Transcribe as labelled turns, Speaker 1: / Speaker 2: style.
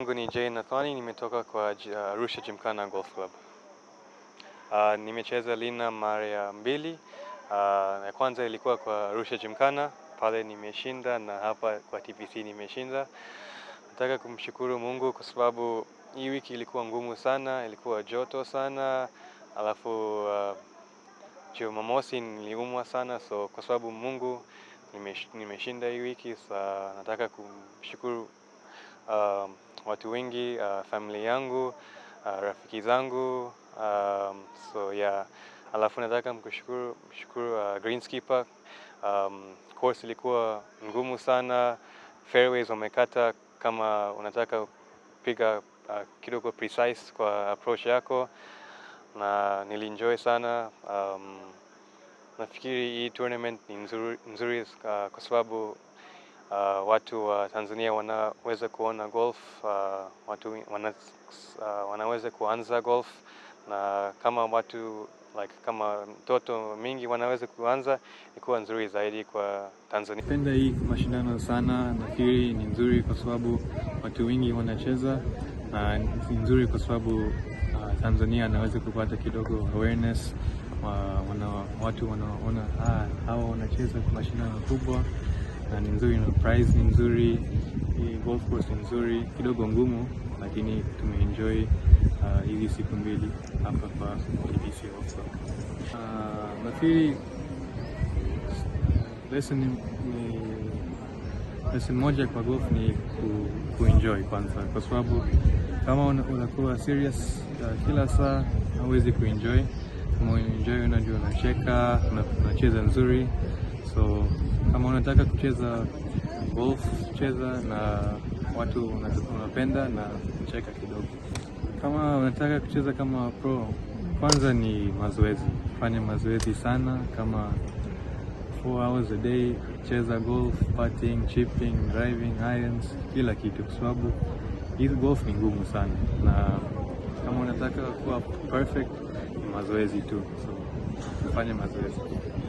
Speaker 1: Mungu ni Jay Nathani, nimetoka kwa uh, Arusha Gymkhana Golf Club. Uh, nimecheza Lina mara ya mbili. Uh, ya kwanza ilikuwa kwa Arusha Gymkhana, pale nimeshinda na hapa kwa TPC nimeshinda. Nataka kumshukuru Mungu kwa sababu hii wiki ilikuwa ngumu sana, ilikuwa joto sana, alafu uh, niliumwa sana, so kwa sababu Mungu nimeshinda hii wiki, sa nataka kumshukuru um, watu wengi uh, family yangu uh, rafiki zangu um, so yeah, alafu nataka mkushukuru mshukuru uh, greenskeeper Um, course ilikuwa ngumu sana, fairways wamekata kama unataka piga uh, kidogo precise kwa approach yako, na nilienjoy sana um, nafikiri hii tournament ni nzuri, nzuri uh, kwa sababu uh, watu wa Tanzania wanaweza kuona golf uh, watu wana, uh, wanaweza kuanza golf na kama watu like kama mtoto mingi wanaweza kuanza, kuwa nzuri zaidi kwa Tanzania.
Speaker 2: Napenda hii mashindano sana, nafikiri ni nzuri kwa sababu watu wengi wanacheza na ni nzuri kwa sababu uh, Tanzania anaweza kupata kidogo awareness wa, uh, wana, watu wanaona ah, hawa wanacheza kwa mashindano makubwa na ni nzuri, price ni nzuri, golf course ni nzuri, kidogo ngumu, lakini tumeenjoy uh, hizi siku mbili hapa kwa DVC Golf Club. Uh, nafikiri lesson ni lesson moja kwa golf ni ku, ku kwanza, kwa sababu kama unakuwa serious uh, kila saa hauwezi kuenjoy. Kama unaenjoy unajua, unacheka, unacheza nzuri so kama unataka kucheza golf, cheza na watu unapenda na cheka kidogo. Kama unataka kucheza kama pro, kwanza ni mazoezi, fanya mazoezi sana kama 4 hours a day, cheza golf, putting, chipping, driving, irons, kila kitu, kwa sababu hii golf ni ngumu sana, na kama unataka kuwa perfect ni mazoezi tu, so fanya mazoezi.